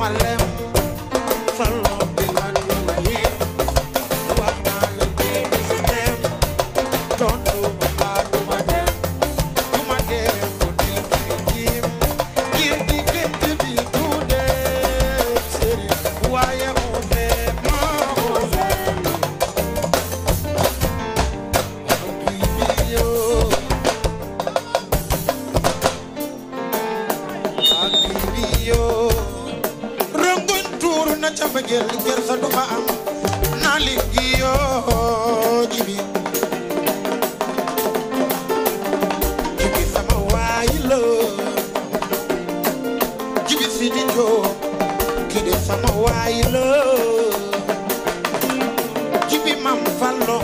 my lamp for long. na ca bëggeel ger sa duma am na liggéeyoo jibi jibi sama waay la jibi si di joo ki de sama waay la jibi mam fallo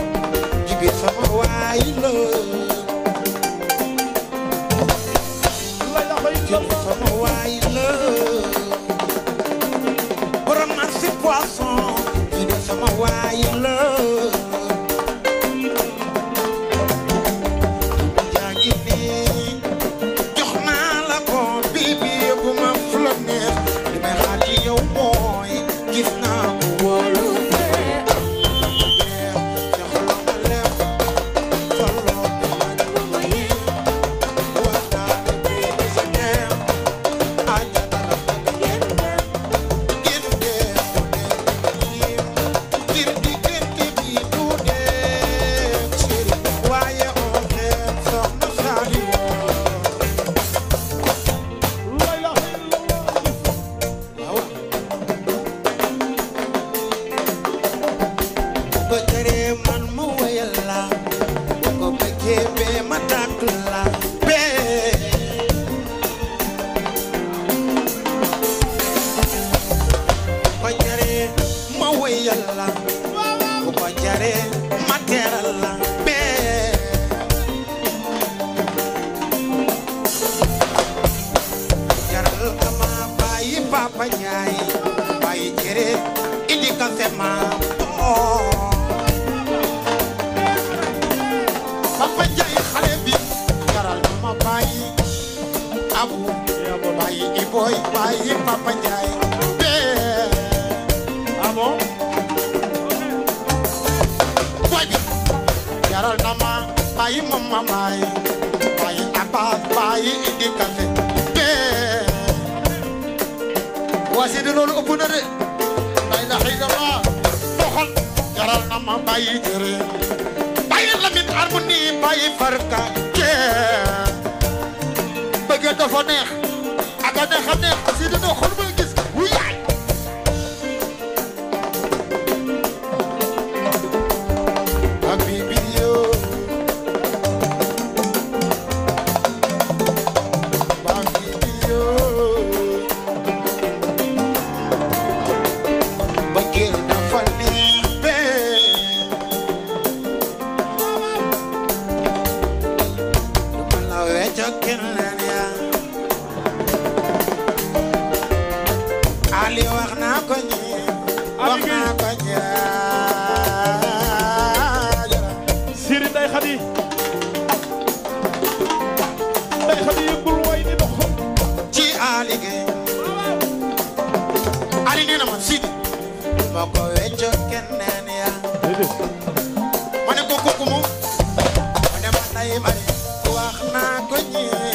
jibi sama waay la jibi poisson. Il doit sûrement voir une here Papa Ndiaye eh. ah bon boy bi na ma bàyyi ma ma maay bàyyi Abbas bàyyi indi eh. wasi di loolu ëpp na de la ilaha illallah doxal jaral na ma bàyyi jëre bàyyi Lamine Armouni bàyyi Farka eh. bëgg dafa neex ne xam ne aussi dañoo xool Sidi nee na ma Sidi. ko wéccoo keneen ya. ma ne ko kooku moom. ma ne ma nay ma ne. wax ko ñii.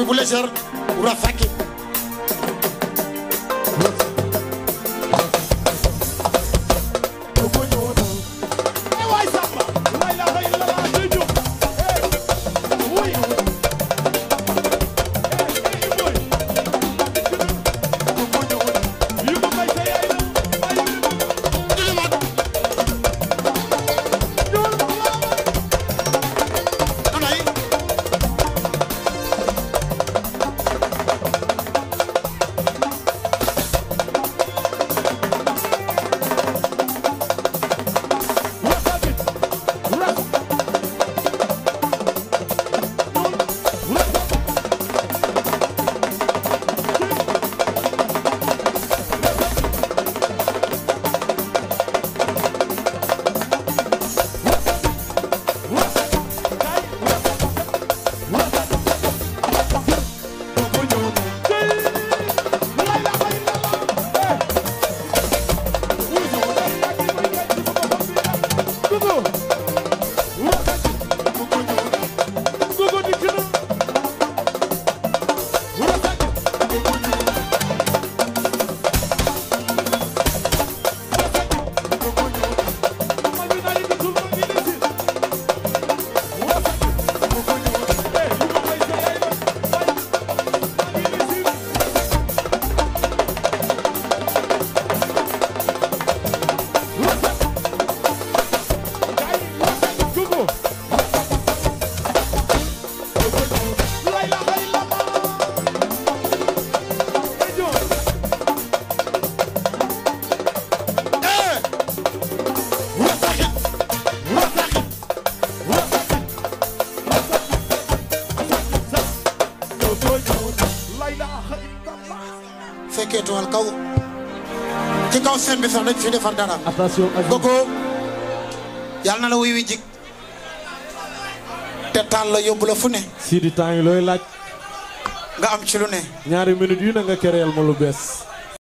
bi bu légère bu rafet kaw ci kaw seen sax dañ fi defar dara. attention Gogo yàlla na la wuy wi jig te taal la yóbbu fu ne. si di yi looy laaj. nga am ci lu ne. ñaari minutes yu ne nga kereel ma lu bees.